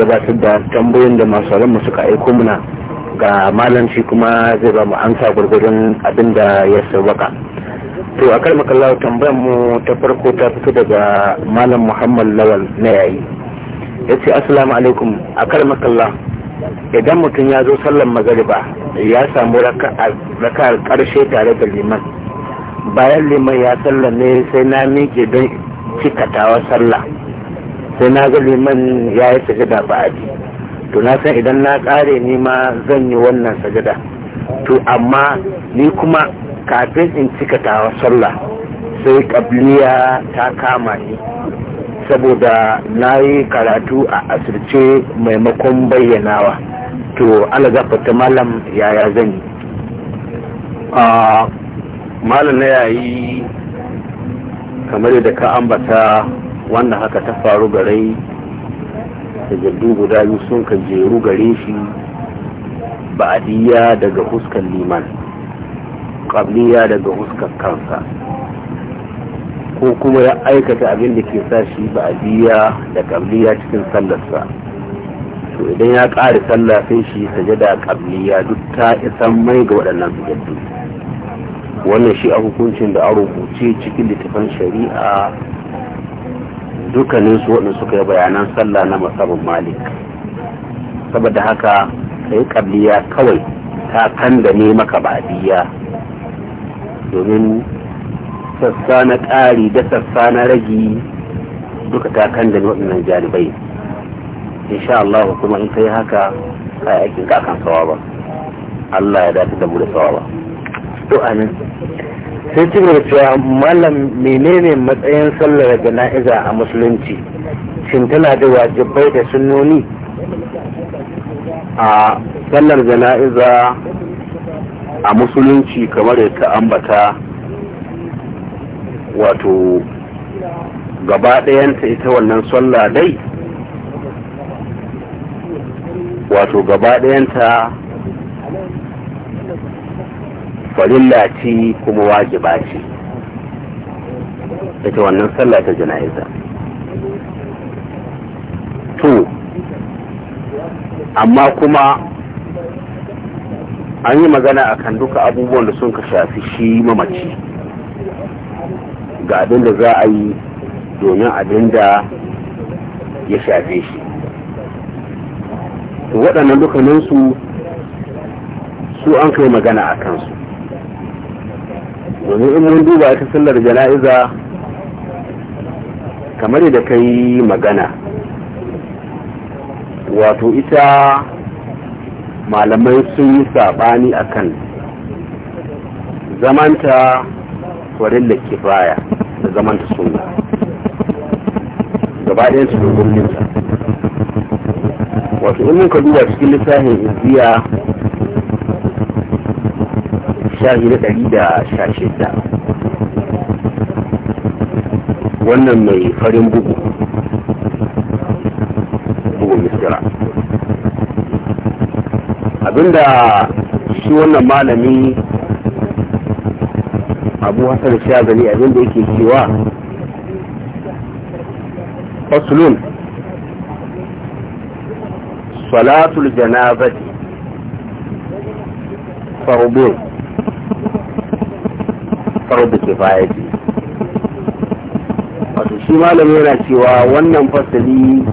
gabatar da tambayoyin da masu mu suka aiko muna ga malanci kuma zai ba mu amsa gwargwadon abin da ya sauwaka to a kalmar kallawa tambayar mu ta farko ta fito daga malam muhammad lawal na yayi ya ce assalamu alaikum a kalmar kallawa idan mutum ya zo sallan magariba ya samu raka'ar karshe tare da liman bayan liman ya sallan ne sai na miƙe don cikatawa sallah sai na ga liman ya yi sajada ba a ji to na san idan na kare ni ma zan yi wannan sajada to amma ni kuma kafin in cika tawa sallah sai kabliya ta kama ni saboda na yi karatu a asirce maimakon bayyanawa to alagafata malam yaya zan yi malam na yayi kamar da ka ambata wanda haka ta faru gare da jaddu guda biyu sun ka jeru gare shi ba'adiyya daga huskar liman ƙabliya daga huskar kansa ko kuma ya aikata abin da ke sa shi ba'adiyya da ƙabliya cikin sallarsa to idan ya ƙare sallah sai shi sajada ƙabliya duk ta isan mai ga waɗannan sujaddu wannan shi a hukuncin da a rubuce cikin littafan shari'a dukkanin su waɗanda suka yi bayanan sallah na masabin malik saboda haka kai kabliya kawai ta kan da ne maka badiya domin sassa na ƙari da sassa na ragi duka ta kan da ne waɗannan jaribai insha Allah kuma in yi haka yi aikin kakan sawaba Allah ya dace da mu da ba to amin sai ci gaba cewa malam menene matsayin sallar jana'iza a musulunci shin tana da wajibai da sunnoni a sallar jana'iza a musulunci kamar da ta ambata wato gaba ɗayanta ita wannan sallah dai wato gaba ɗayanta farilla ce kuma wajiba ce ita wannan sallah ta jana'iza to amma kuma an yi magana a kan duka abubuwan da sun ka shafi shi mamaci ga abin da za a yi domin abin da ya shafe shi waɗannan dukkaninsu su an kai magana a kansu domin in mun duba ta sallar jana'iza kamar da ka yi magana wato ita malamai sun yi saɓani a kan zamanta farilla kifaya da zamanta suna gabaɗayan su domin wato in muka duba cikin lissafin izziya shahi na ɗari da sha shida wannan mai farin bugu bugu misira abinda shi wannan malami abu hassan sha shazali abinda yake cewa fasulun salatul janazati farbun fardu ce wato shi malami yana cewa wannan fasali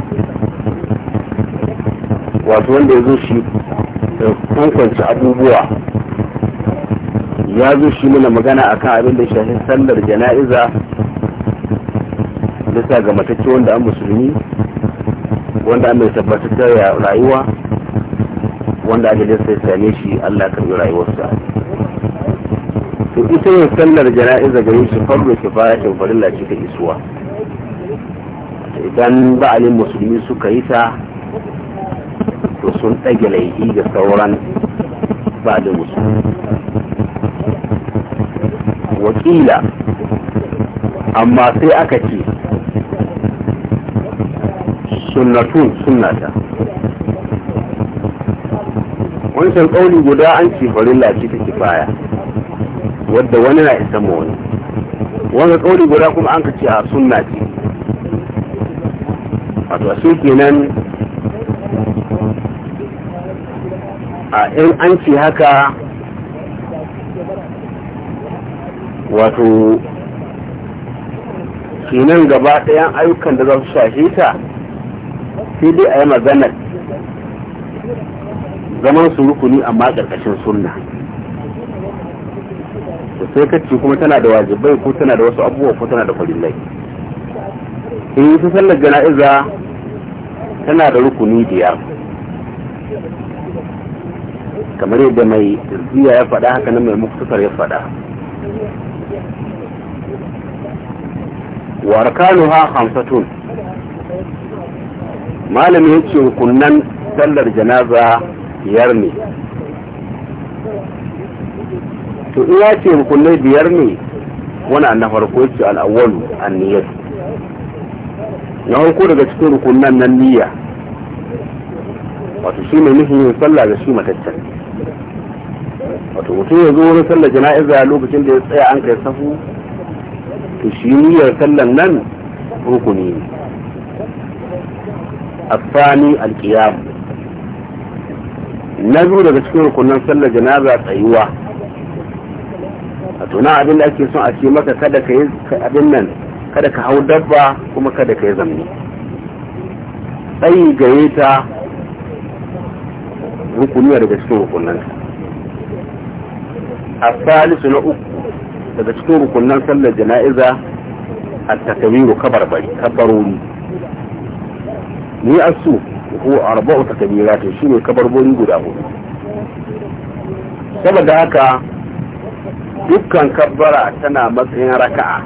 wato wanda ya zo shi kankwanci abubuwa ya zo shi mana magana akan abin da shafi sallar jana'iza bisa ga matacce wanda an musulmi wanda an mai tabbatar da rayuwa wanda ajalin sai same shi Allah a rayuwarsa to ita yin sallar jana'iza gare shi farko ke fara kin farilla ce ta isuwa idan ba'alin musulmi suka yi ta to sun ɗage laifi ga sauran ba'alin musulmi wakila amma sai aka ce sunnatun sunnata wancan ƙauli guda an ce farilla ce ta kifaya wadda wani na isa ma wani wanda kauli guda kuma an kace a sunna ce wato su kenan a yan an ce haka wato ke nan gaba ɗayan ayyukan da za su shahe ta sai dai a yi maganar zaman su rukuni amma ƙarƙashin sunna Da sai ka ce kuma tana da wajibai ko tana da wasu abubuwa ko tana da farillai eh, in su sallar jana'iza tana da rukuni biyar kamar yadda mai ziya ya faɗa haka na mai muktasar ya faɗa wa ha hamsatun malami ce rukunan sallar janaza biyar ne to in ya ce rukunai biyar ne wani na farko yake ce al'awwalu an niyyar na farko daga cikin rukunan nan niyya wato shi mai nufin yin sallah da shi mataccen wato mutum ya zo wurin sallar jana'iza lokacin da ya tsaya an kai safu to shi niyyar sallar nan rukuni ne الثاني na zo daga cikin rukunan sallar janaza tsayuwa a tuna abin da ake son a ce maka kada ka yi abin nan kada ka hau dabba kuma kada ka yi zamani tsayi gaye ta rukuniya daga cikin rukunan a salisu na uku daga cikin rukunan sallar jana'iza a takamiru kabarori ni a su ko arba'u takamiratun shi ne kabarbori guda hudu saboda haka dukkan kabbara tana matsayin raka'a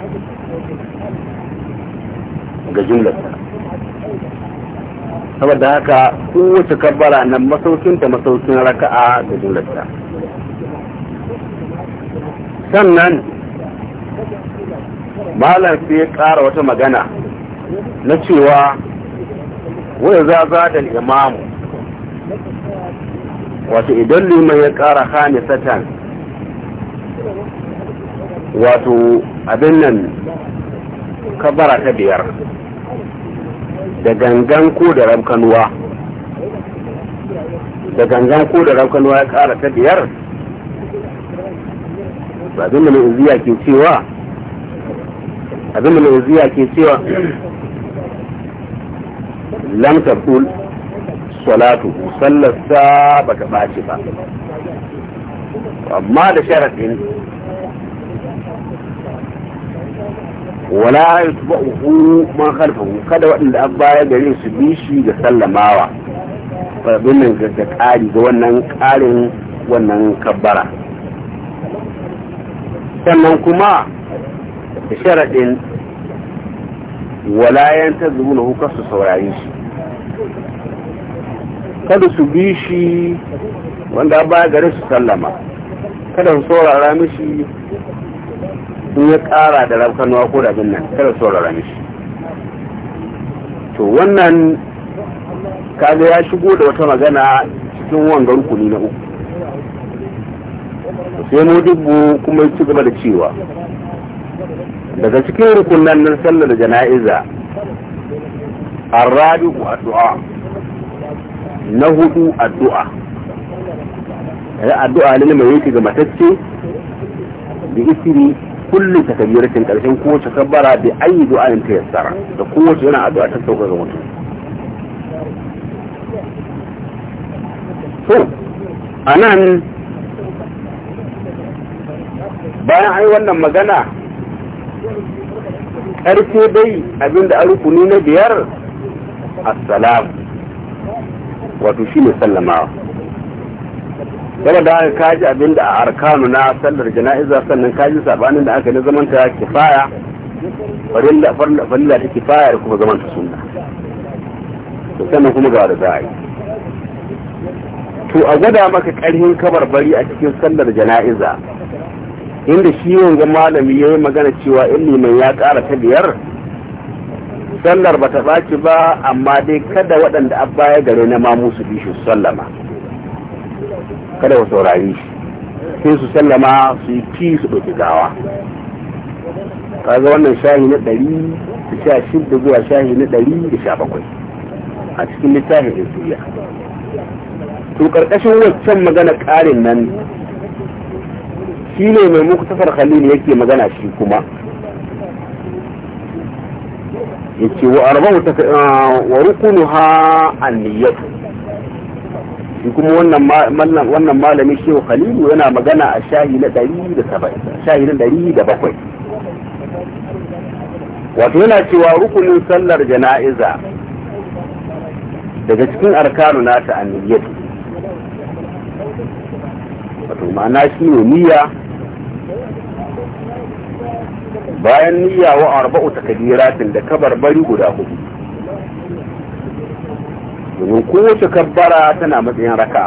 ga jumlarta saboda haka kowace kabbara nan masaukinta masaukin raka'a ga jumlarta sannan malar sai ya ƙara wata magana na cewa wani za za da imamu wata idan liman ya ƙara hannu satan wato abin nan kabara ta biyar da gangan ko da ramkanuwa da gangan ko da ramkanuwa ya kara ta biyar abin da mai ke cewa abin da mai ke cewa lam tabul salatu sallarsa ba ta ɓaci ba amma da sharaɗin wala yatba'uhu man khalfahu kada waɗanda an baya gare su bi shi da sallamawa farbin nan ga ƙari ga wannan ƙarin wannan kabbara sannan kuma da sharaɗin walayen ta zubu na hukar su saurari shi kada su bi shi wanda ba gare su sallama kada su saurara mishi in ya ƙara da rafkanuwa ko da abin nan kada saurara mishi to wannan kaga ya shigo da wata magana cikin wanga rukuni na uku sai dubu kuma ya ci gaba da cewa daga cikin rukunan nan sallar jana'iza arrabi'u addu'a na hudu addu'a ya eh, addu'a ne mai yake ga matacce da isiri kulli takbiratin karshen kowace kabbara bi ayi ta tayassara da kowace yana addu'a ta sauka ga mutum to anan bayan ai wannan magana karfe dai abinda a rukuni na biyar assalam wato ne sallamawa da haka kaji abin da a arkanu na sallar jana'iza sannan kaji sabanin da aka ne zaman ta kifaya farilla farilla ta kifaya da kuma zaman ta sunna to sannan kuma ga da to a gwada maka karhin bari a cikin sallar jana'iza inda shi wanga malami ya yi magana cewa in liman ya ƙara ta biyar sallar ba ta ba amma dai kada waɗanda Abba ya gare na ma musu bi shi sallama kada ku saurari shi sai su sallama su yi fi su ɗauki gawa kaga wannan shahi na ɗari da sha shidda zuwa shahi na ɗari da sha bakwai a cikin littafin insuliya to ƙarƙashin waccan magana ƙarin nan shi ne mai muku tafar khalil yake magana shi kuma yace wa arba'u wa rukunuha an-niyyatu shi kuma wannan malamin shehu khalilu yana magana a shahi na ɗari da da bakwai wato yana cewa rukunin sallar jana'iza daga cikin arkanu na ta anniyyatu wato ma'ana shi ne niyya bayan niyya wa arba'u takadiratin da bari guda hudu domin kowace kabbara tana matsayin raka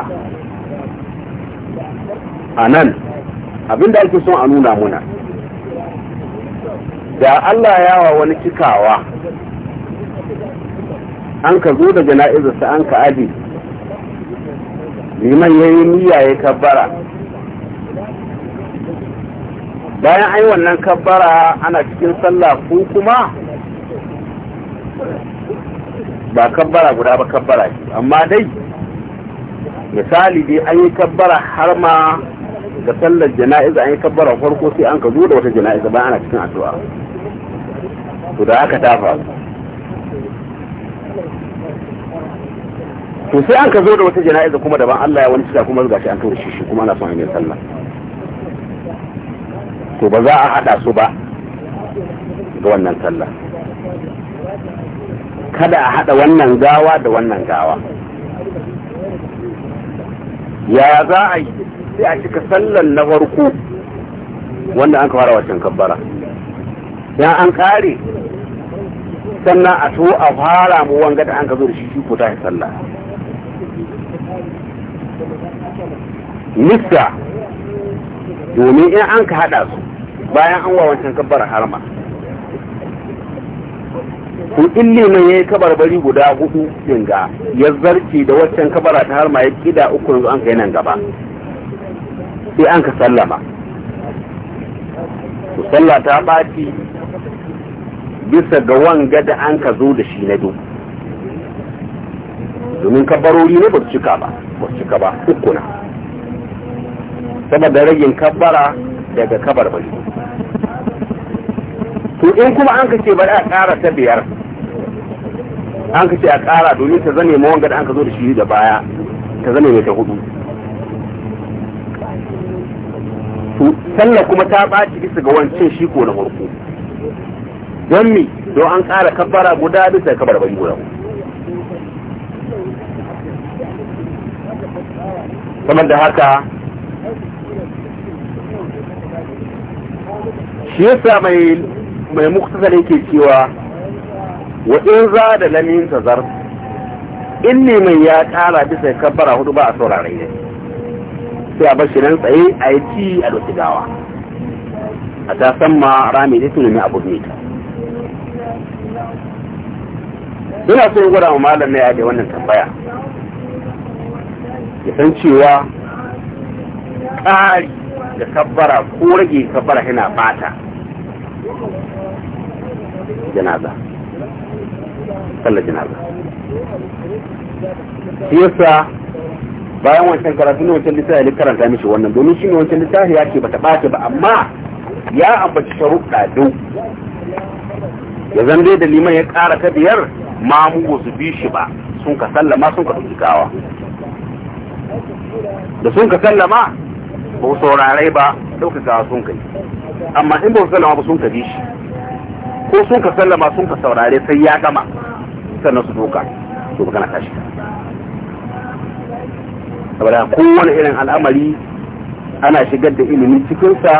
a nan abinda ake son a nuna muna da Allah ya wa wani cikawa an ka zo da jana'izarsa an ka aji liman ya yi niyya ya kabbara bayan an wannan kabbara ana cikin sallah ko kuma ba kabbara guda ba kabbara ce amma dai misali dai an yi kabbara har ma da sallar jana'iza an yi kabbara farko sai an ka zo da wata jana'iza bayan ana cikin addu'a to da aka tafa to sai an ka zo da wata jana'iza kuma daban Allah ya wani cika kuma ga shi an tura shi kuma ana son a sallah to ba za a hada su ba ga wannan sallah kada a haɗa wannan gawa da wannan gawa ya za a yi sai a cika sallan na farko wanda an fara wacan kabbara ya an kare sannan a so a fara mu wanga da an ka zo da shi shi ko ta sallah nisa domin in an ka haɗa su bayan an wa wancan kabbara harma ko in liman ya yi bari guda hudu dinga ya zarce da waccan kabara ta har ma ya kida uku yanzu an kai nan gaba sai an ka sallama ku sallah ta ɓaci bisa ga wanga da an ka zo da shi na duk domin kabarori ne ba su cika ba ba su cika ba hukuna saboda ragin kabara daga bari to in kuma an ka ce bari a kara ta biyar an ka ce a ƙara domin ta zane ma wanga da an ka zo da shi da baya ta zane mai ta hudu sallar kuma ta ɓaci bisa ga wancan shi ko na farko don mi don an ƙara kabbara guda bisa kabbara bai guda kamar da haka shi yasa mai mai muktasar yake cewa wa in za da lamin tazar in ne mai ya kara bisa kabbara hudu ba a saurare ne sai a bar tsaye a yi ci a doki gawa a ta san ma rami da tunani abu ne ta ina so gwada wa malam na yaje wannan tambaya ya san cewa ƙari da kabbara ko rage kabbara yana bata janaza sallar janaza shi yasa bayan wancan karatu ne wancan lissafi ya karanta mishi wannan domin shi ne wancan lissafi ya ce bata ɓace ba amma ya ambaci sharuɗa dau ya zan da liman ya ƙara ta biyar ma mu su bi shi ba sun ka sallama sun ka ɗauki gawa. da sun ka sallama ba su saurare ba ɗauki gawa sun kai amma in ba su sallama ba sun ka bi shi ko sun ka sallama sun ka saurare sai ya gama sannan su doka to magana tashi saboda kowane irin al'amari ana shigar da ilimin cikinsa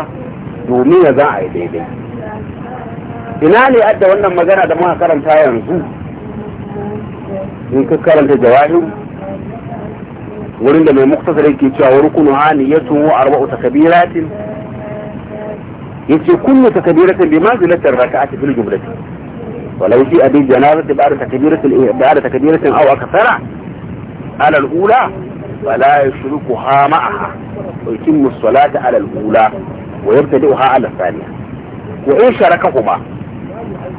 domin ya za a yi daidai ina ne adda wannan magana da muka karanta yanzu in ka karanta jawahir wurin da mai muktasar yake cewa rukunu haniyatu arba'u takbiratin يتي كل تكبيرة بمنزلة الركعة في الجملة ولو جاء بالجنازة بعد تكبيرة بعد تكبيرة أو أكثر على الأولى فلا يشركها معها ويتم الصلاة على الأولى ويبتدئها على الثانية وإن شركهما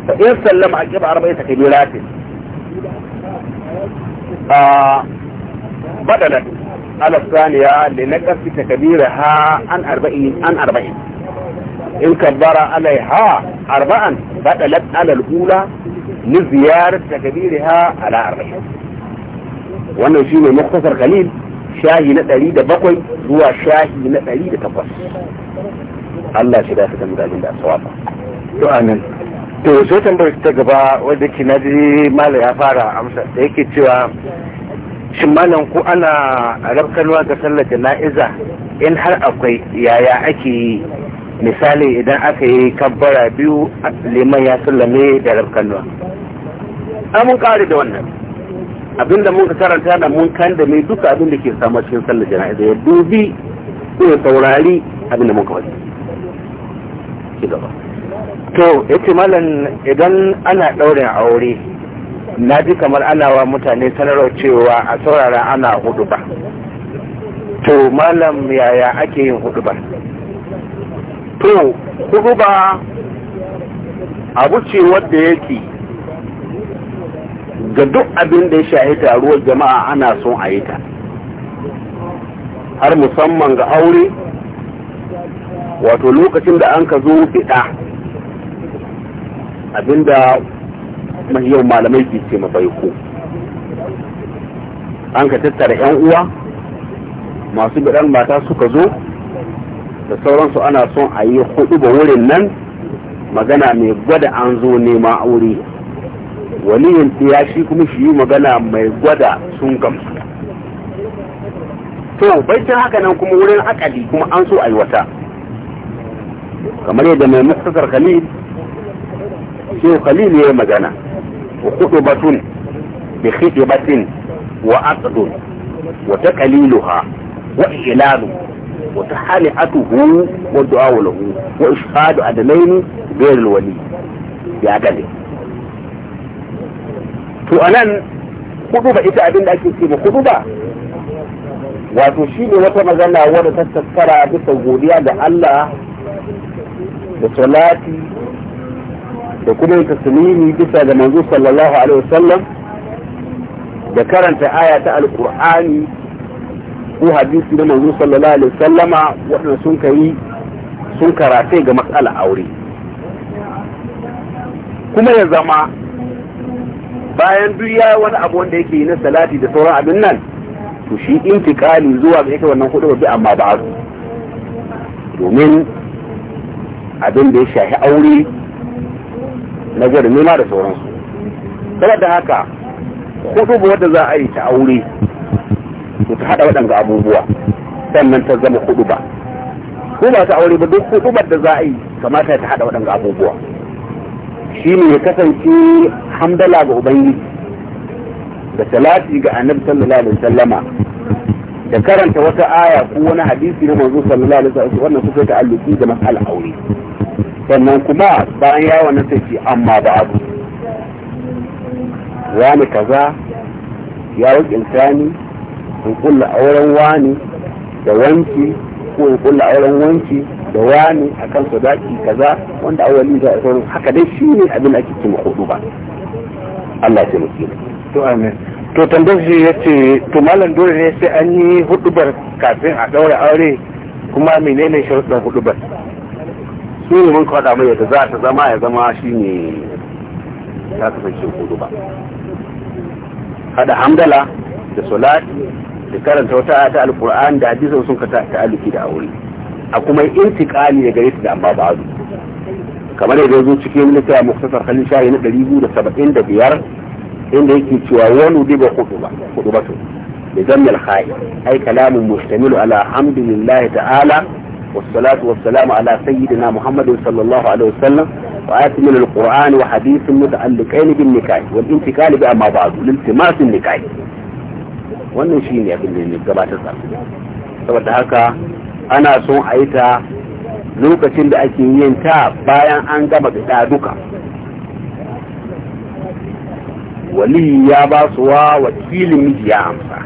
فإن سلم عجب أربعة تكبيرات آه، بدلا على الثانية لنقص تكبيرها عن أربعين عن أربعين in kabbara alaiha arba'an badalat ala al-ula li ziyarat takbirha ala arba'in wannan shine muktasar qalil shahi na bakwai zuwa shahi na ɗari da takwas. Allah shi da su kan dalilin da sawaba to amin to sai tambayar ta gaba wanda ke naji mallam ya fara amsa da yake cewa shin malam ko ana rafkarwa ga sallar jana'iza in har akwai yaya ake yi misali idan aka yi kabbara biyu liman ya sallame da rafkarwa mun kare da wannan abinda mun karanta da mun kan da mai duka abin da ke samu cikin sallar jana'iza ya dubi ko ya saurari abin da mun kawai to ita malam idan ana daurin aure na ji kamar ana wa mutane sanarwa cewa a saurara ana hudu ba to malam yaya ake yin hudu ba to hudu ba abu ce wadda yake ga duk abin da ya shahi taruwar jama'a ana son a yi ta har musamman ga aure wato lokacin da an ka zo fiɗa abinda mai yau malamai ke ce ma an ka tattara yan uwa masu bidan mata suka zo da sauransu ana son a yi hudu ba wurin nan magana mai gwada an zo nema aure wani waliyin ya shi kuma shi yi magana mai gwada sun gamsu to baitin haka nan kuma wurin akali kuma an so a yi wata kamar yadda mai muktasar khalil shi khalil ya yi magana وخطبة بخطبة وعقد وتقليلها وإعلان وتحانئته والدعاء له وإشهاد عدمين غير الولي بعدله to anan kuduba ita abin da ake ce ma kuduba wato shi ne wata magana wadda ta tattara bisa godiya da Allah da salati da kuma taslimi bisa ga manzo sallallahu alaihi wasallam da karanta aya ta alqur'ani ko hadisi da manzo sallallahu alaihi wasallama waɗanda sun kai sun karatai ga matsala aure kuma ya zama bayan duk ya wani abu wanda yake na salati da sauran abin nan to shi intikali zuwa ga ita wannan hudu bi amma ba domin abin da ya shahi aure na jarumi ma da sauransu saboda haka hudu wadda za a yi ta aure ta haɗa waɗanga abubuwa sannan ta zama hudu ba ko ba ta aure ba duk hudu da za a yi kamata ta haɗa waɗanga abubuwa shi ne ya kasance hamdala ga ubangi da salati ga annabi sallallahu alaihi da karanta wata aya ko wani hadisi na manzo sallallahu alaihi wasallam wannan suka alluki da mas'al aure sannan kuma bayan yawon na sai amma ba abu wani kaza ya wakilta ni in kulla auren wani da wanki ko in kulla auren wanki da wani a kan akan sadaki kaza wanda awali da sauran haka dai shi ne abin da ake cin hudu ba Allah ya mutu to amin to tambayar shi ce to malam dole ne sai an yi hudubar kafin a daura aure kuma menene sharuɗin hudubar shi ne mun kwada mai yadda za ta zama ya zama shi ne ta kasance hudu ba hada hamdala da salati da karanta wata ayata alkur'an da hadisan sun ka aliki da aure a kuma intiqali da gare su da amma ba kamar yadda zo cikin a muktasar halin shahi na 275 inda yake cewa wani diba ba su, da zammil khai ai kalamun mustamilu ala hamdulillahi ta'ala والصلاة والسلام على سيدنا محمد صلى الله عليه وسلم وآيات من القرآن وحديث متعلقين بالنكاح والانتقال بأما بعض لالتماس النكاح wannan shi ne abin da saboda haka ana son a yi ta lokacin da ake yin ta bayan an gama fita duka wali ya ba suwa wakilin miji ya amsa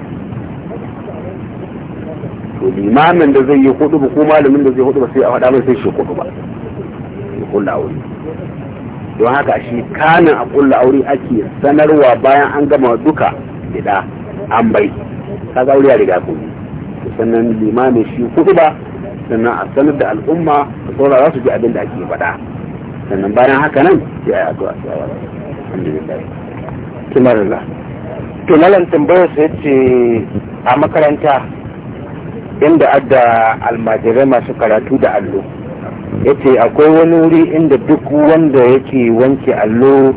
to limamin da zai yi hudu ba ko malamin da zai hudu ba sai a faɗa mai sai shi hudu ba ya kulla aure don haka shi kanin a kulla aure ake sanarwa bayan an gama duka gida an bai ga aure ya riga ko sannan limamin shi hudu ba sannan a sanar da al'umma da saura za su ji abin da ake faɗa sannan bayan haka nan sai a yi addu'a sai a wani alhamdulillah kimarillah to malam tambayar sai ce a makaranta inda adda almajirai masu karatu da allo ya ce akwai wani wuri inda duk wanda yake wanke allo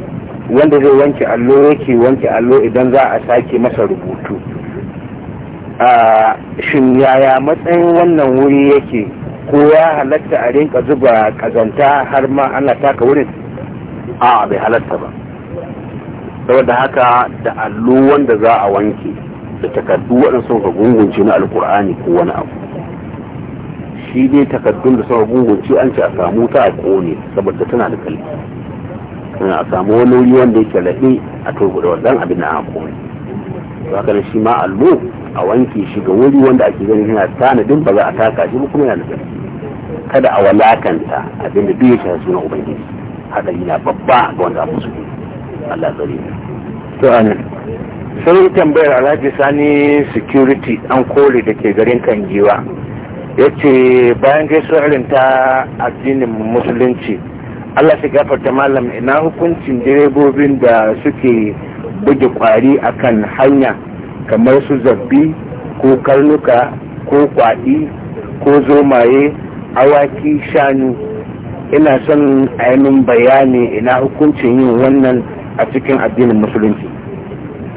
wanda zai wanke allo yake wanke allo idan za a sake masa rubutu a shin yaya matsayin wannan wuri yake ko ya halatta a rinka zuba kazanta har ma ana taka wurin a bai halatta ba saboda haka da allo wanda za a wanke da takardu waɗanda suka gungunce na alkur'ani ko wani abu shi ne takardun da suka gungunce an ce a samu ta a kone saboda tana da kalli a samu wani wuri wanda yake laɗe a turbuɗe wannan abin na a kone haka shi ma allo a wanke shi ga wuri wanda ake gani yana tanadin ba za a taka shi ba kuma yana da kada a walakanta abin da duk ya shafi sunan ubangiji haɗari na babba ga wanda a ne Allah zare to sai tambayar alhaji sani security an koli da ke garin kangiwa ya ce bayan kai irin ta addinin musulunci allah su ta malam ina hukuncin direbobin da suke buge kwari a kan hanya kamar su zabbi ko karnuka ko kwadi ko zomaye awaki shanu ina son ainihin bayani ina hukuncin yin wannan a cikin addinin musulunci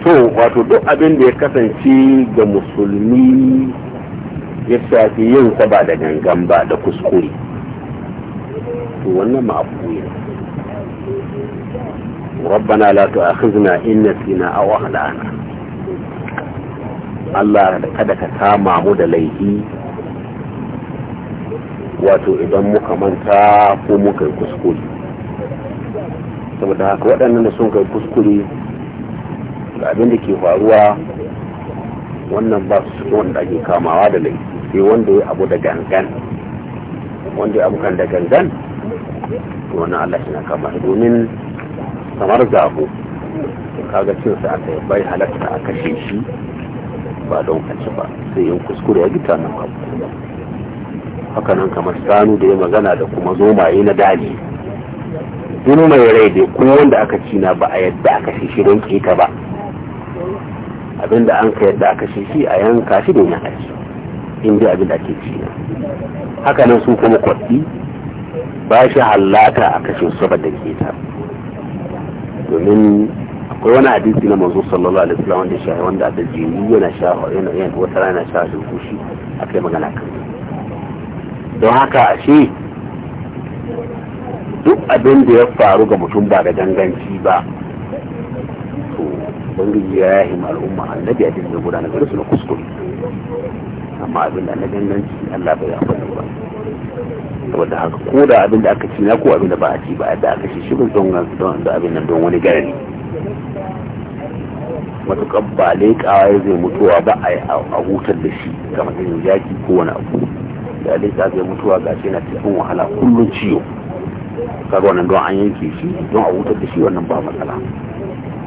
to wato duk abin da ya kasance ga musulmi ya shafi yin sa ba da gangan ba da kuskure to wannan ma'afu ne ربنا لا تؤاخذنا إن نسينا أو أخطأنا Allah kada ka kama mu da laifi wato idan muka manta ko muka yi kuskure saboda haka waɗannan sun kai kuskure da abin da ke faruwa wannan ba su suke wanda ake kamawa da laifi sai wanda ya abu da gangan wanda ya abu kan da gangan to wannan Allah shi na kama domin kamar zabo kaga cin sa aka bai halatta a kashe shi ba don kaci ba sai yin kuskure ya gita nan abu haka nan kamar sanu da ya magana da kuma zomaye na daji duk mai rai da kuma wanda aka ci na ba a yadda aka shi don ka ba abinda an ka yadda aka shi shi a yanka shi ne ya haji in ji abin da ake ci na haka nan su kuma kwaɗi ba shi hallata a kashe saba saboda ke ta domin akwai wani hadisi na manzo sallallahu alaihi wasallam wanda shi wanda da jini yana shafa yana yana wata rana shafa shi kushi akai magana kan don haka ashe duk abin da ya faru ga mutum ba da ganganci ba ubangiji ya yahi ma al'umma annabi abin guda gudanar da su na kuskure amma abin da annabi nan ci Allah bai yafa ba saboda haka ko da abin da aka ci na ko abin da ba a ci ba da aka ci shi don don da abin nan don wani garani wasu ba leƙawa ya zai mutuwa ba a hutar da shi ga matsayin yaki ko wani abu da leƙa zai mutuwa ga shi na cikin wahala kullum ciwo kaga wannan don an yanke shi don a hutar da shi wannan ba matsala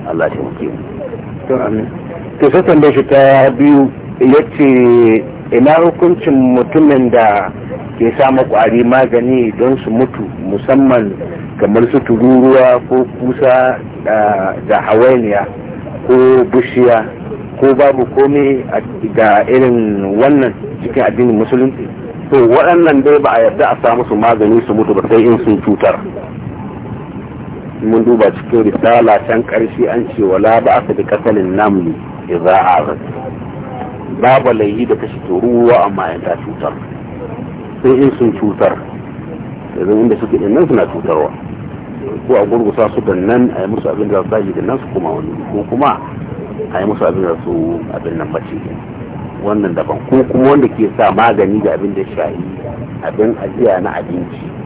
Allah shi muke to amin to sai shi ta biyu yace ina hukuncin mutumin da ke samu kwari magani don su mutu musamman kamar su tururuwa ko kusa da hawainiya ko bushiya ko babu komai ga irin wannan cikin addinin musulunci to waɗannan dai ba a yarda a samu su magani su mutu ba sai in sun cutar mun duba cikin risala can karshe an ce wala ba aka bi kasalin namli idza azat babu layi da kashi ruwa amma in ta cutar sai in sun cutar yanzu inda suke din nan suna cutarwa ko a gurgusa su da nan a yi musu abin da za su da nan su kuma wani ko kuma a yi musu abin da su abin nan bace wannan daban ko kuma wanda ke sa magani da abin da shayi abin ajiya na abinci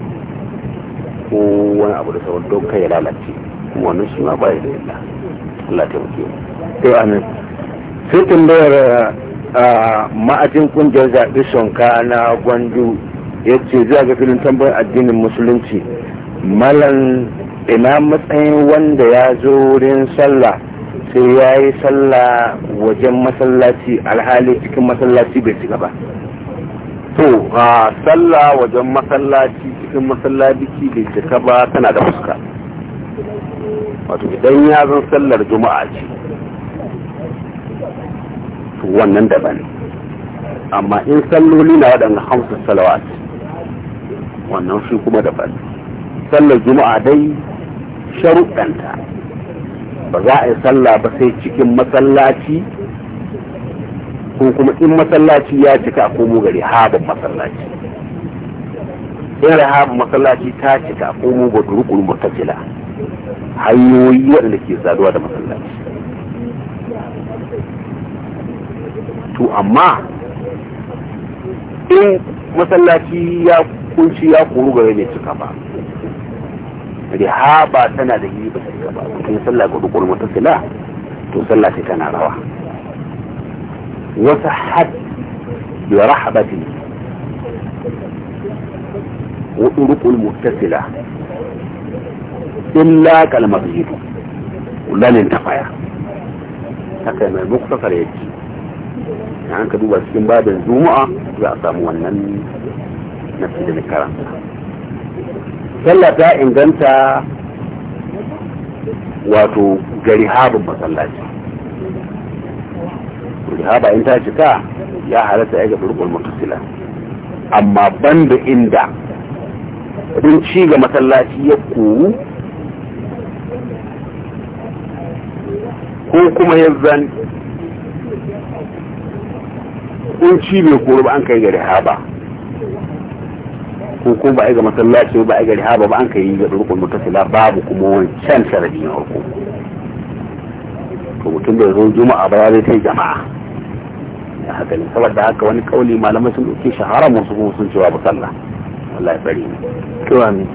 ko wani abu da sauran don kai ya lalace wannan shi ma bai da illa Allah ta muke to amin sai tambayar ma'ajin kungiyar zaɓi sonka na gwandu ya ce zuwa ga filin tambayar addinin musulunci malan ina matsayin wanda ya zo wurin sallah sai ya yi sallah wajen masallaci alhali cikin masallaci bai shiga ba a sallah wajen masallaci cikin masallaci ke ka ba tana da fuska wato idan ya zan sallar juma'a ce to wannan daban amma in salloli na waɗanda hamsin salawat wannan shi kuma daban sallar juma'a dai sharuɗanta ba za a yi sallah ba sai cikin masallaci ko kuma in masallaci ya cika a komo gari habin masallaci in rahabin masallaci ta cika a komo ga durukul mutasila hanyoyi waɗanda ke saduwa da masallaci to amma in masallaci ya kunshi ya koru gari mai cika ba rihaba tana da yi ba ta cika ba kuma sallah ga ta mutasila to sallah sai tana rawa وسحب برحبة وطرق المتسلة إلا كلمة جيدة ولن انتقايا تقيم المختصر يجي يعني كدوبة سكين بعد الجمعة يأصاموا أنن نفسي دم الكرام سلا تا انجنتا واتو جريها بمسلاجي rihaba in ta cika ya halatta ya ga turkul mutasila amma banda inda ci ga masallaci ya kowu ko kuma ya zan ci bai koru ba an kai ga rihaba ko kuma ba a yi ga masallaci ba a yi ga rihaba ba an kai ga turkul mutasila babu kuma wancan sharadi na farko ko mutum da zo juma'a ba zai kai jama'a ya haka ne saboda haka wani kauli malamai sun dauke shi haramun su kuma sun cewa ba sallah wallahi bari ne to amin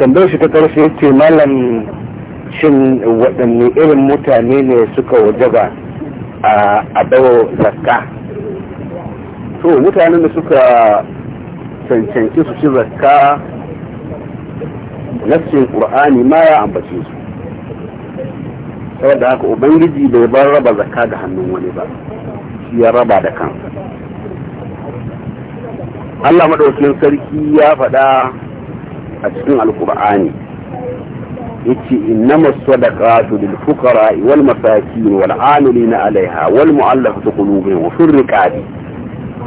tambayar shi ta karshe yace malam shin wadanne irin mutane ne suka wajaba a bawa zakka to mutanen da suka cancanci su ci zakka nassin qur'ani ma ya ambace su saboda haka ubangiji bai bar raba zakka ga hannun wani ba shi ya raba da kansa Allah madaukakin sarki ya faɗa a cikin alkur'ani yace innama sadaqatu lil fuqara wal masakin wal amilina alaiha wal mu'allafati qulubihim wa fir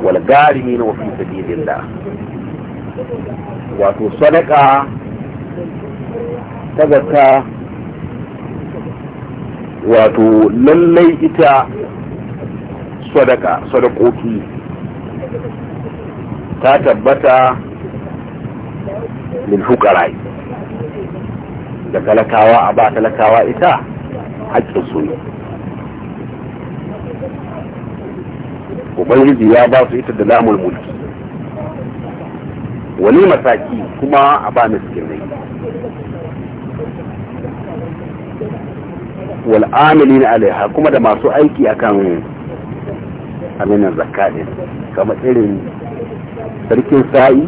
wal garimin wa fi sabilillah wato sadaqa ta zakka wato lallai ita sadaka sadakoki ta tabbata min fukarai da talakawa a ba talakawa ita haƙƙin su ne ubangiji ya ba su ita da lamun mulki wani mataki kuma a ba miskinai wal na alaiha kuma da masu aiki akan aminan zakadin, kama irin sarkin sa'i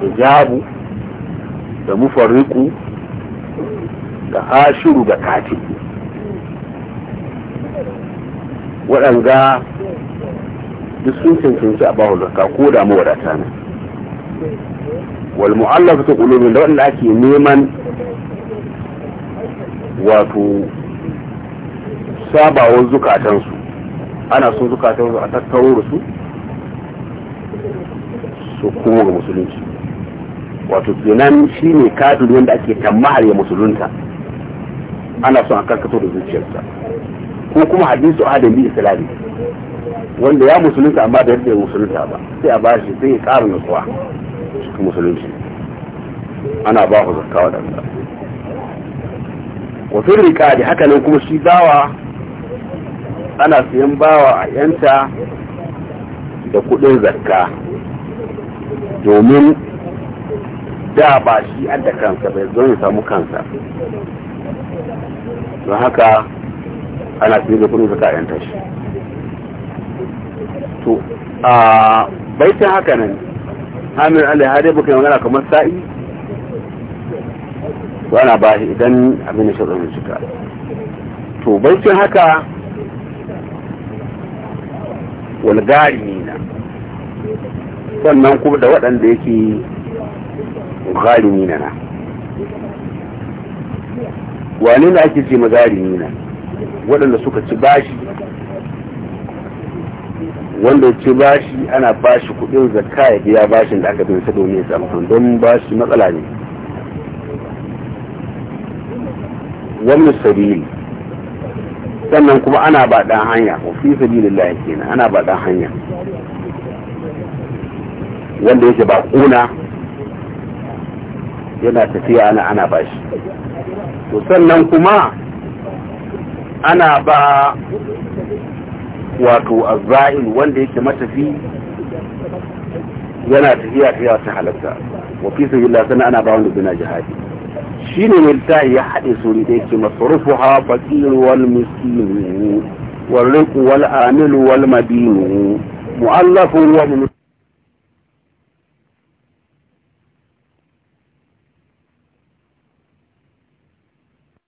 da jabu da mufarriku da hashiru da kati waɗanda duk sun cancanci a bahu zakka ko da mawadata ne wal mu'allafa ta da waɗanda ake neman wato sabawar zukatansu ana son zukatansu a tattaro su su kuma ga musulunci wato kenan shi ne kadin wanda ake tammahar ya musulunta ana son a karkato da zuciyarsa ko kuma hadisu adami islami wanda ya musulunta amma da yadda ya musulunta ba sai a ba shi sai ya ƙara nutsuwa cikin musulunci ana ba ku da waɗanda wafin rika da haka nan kuma shi bawa ana siyan bawa a yanta da kudin zakka domin da ba shi an da kansa bai zo ya samu kansa don haka ana siyan da kudin zakka a yanta shi to a baitin haka nan hamir alai hadai bukai magana kamar sa'i to ana ba shi idan abin da shirin cika to baicin haka walgari na sannan kuma da waɗanda yake gharimi na na wane da ake ce magarimi na waɗanda suka ci bashi wanda ya ci bashi ana bashi kuɗin zakka ya biya bashin da aka bin sa domin ya samu don bashi matsala ne wannan sabili sannan kuma ana ba dan hanya fi sabilillah kenan ana ba dan hanya wanda yake ba kuna yana tafiya ana ana ba shi to sannan kuma ana ba wato azra'il wanda yake matafi yana tafiya tafiya ta halatta wa fi sabilillah sannan ana ba wanda bina jihadi شين مرتاح يحدث لديك مصرفها فكير والمسكين والرق والآمل والمدين مؤلف ومن